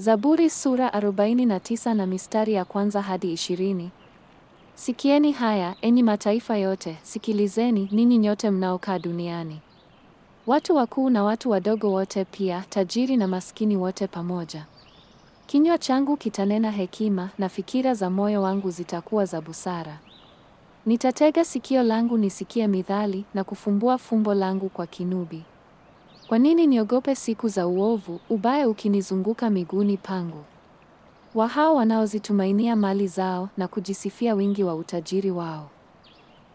Zaburi sura 49 na mistari ya kwanza hadi ishirini. Sikieni haya, enyi mataifa yote, sikilizeni ninyi nyote mnaokaa duniani. Watu wakuu na watu wadogo wote pia, tajiri na maskini wote pamoja. Kinywa changu kitanena hekima na fikira za moyo wangu zitakuwa za busara. Nitatega sikio langu nisikie midhali na kufumbua fumbo langu kwa kinubi. Kwa nini niogope siku za uovu, ubaya ukinizunguka miguuni pangu? Wa hao wanaozitumainia mali zao na kujisifia wingi wa utajiri wao.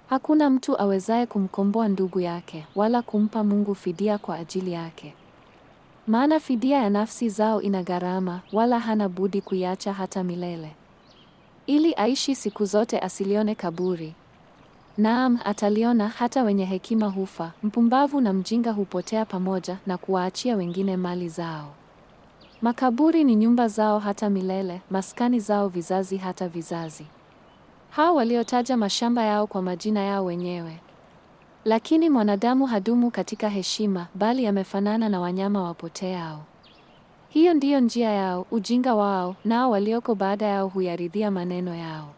Hakuna mtu awezaye kumkomboa ndugu yake wala kumpa Mungu fidia kwa ajili yake. Maana fidia ya nafsi zao ina gharama, wala hana budi kuiacha hata milele. Ili aishi siku zote asilione kaburi, Naam, ataliona. Hata wenye hekima hufa, mpumbavu na mjinga hupotea pamoja na kuwaachia wengine mali zao. Makaburi ni nyumba zao hata milele, maskani zao vizazi hata vizazi. Hao waliotaja mashamba yao kwa majina yao wenyewe. Lakini mwanadamu hadumu katika heshima, bali amefanana na wanyama wapoteao. Hiyo ndiyo njia yao, ujinga wao, nao walioko baada yao huyaridhia maneno yao.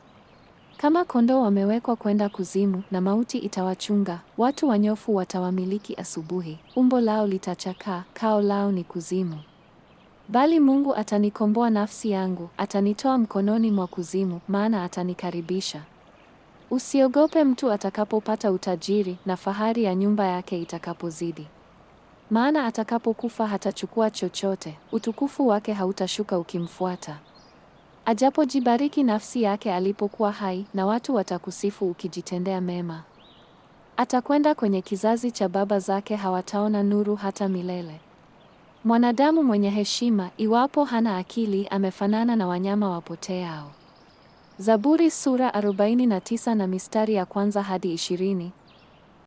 Kama kondoo wamewekwa kwenda kuzimu na mauti itawachunga. Watu wanyofu watawamiliki asubuhi, umbo lao litachakaa, kao lao ni kuzimu. Bali Mungu atanikomboa nafsi yangu, atanitoa mkononi mwa kuzimu, maana atanikaribisha. Usiogope mtu atakapopata utajiri na fahari ya nyumba yake itakapozidi. Maana atakapokufa hatachukua chochote, utukufu wake hautashuka ukimfuata. Ajapojibariki nafsi yake alipokuwa hai, na watu watakusifu ukijitendea mema. Atakwenda kwenye kizazi cha baba zake, hawataona nuru hata milele. Mwanadamu mwenye heshima, iwapo hana akili, amefanana na wanyama wapoteao. Zaburi sura 49 na mistari ya kwanza hadi 20.